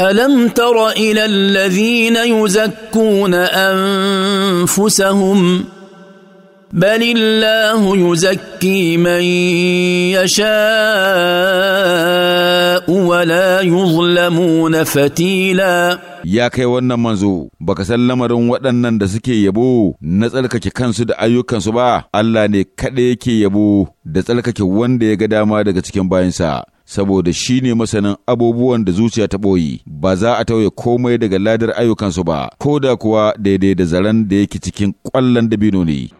الم تر الى الذين يزكون انفسهم بل الله يزكي من يشاء ولا na fatila. ya kai wannan manzo baka san lamarin waɗannan da suke yabo na tsarkake kansu da ayyukansu ba Allah ne kaɗai yake yabo da tsarkake wanda ya ga dama daga cikin bayansa saboda shi ne masanin abubuwan da zuciya ta ɓoyi, ba za a tauye komai daga ladar ayyukansu ba, ko da kuwa daidai da zaren da yake cikin ƙwallon dabino ne.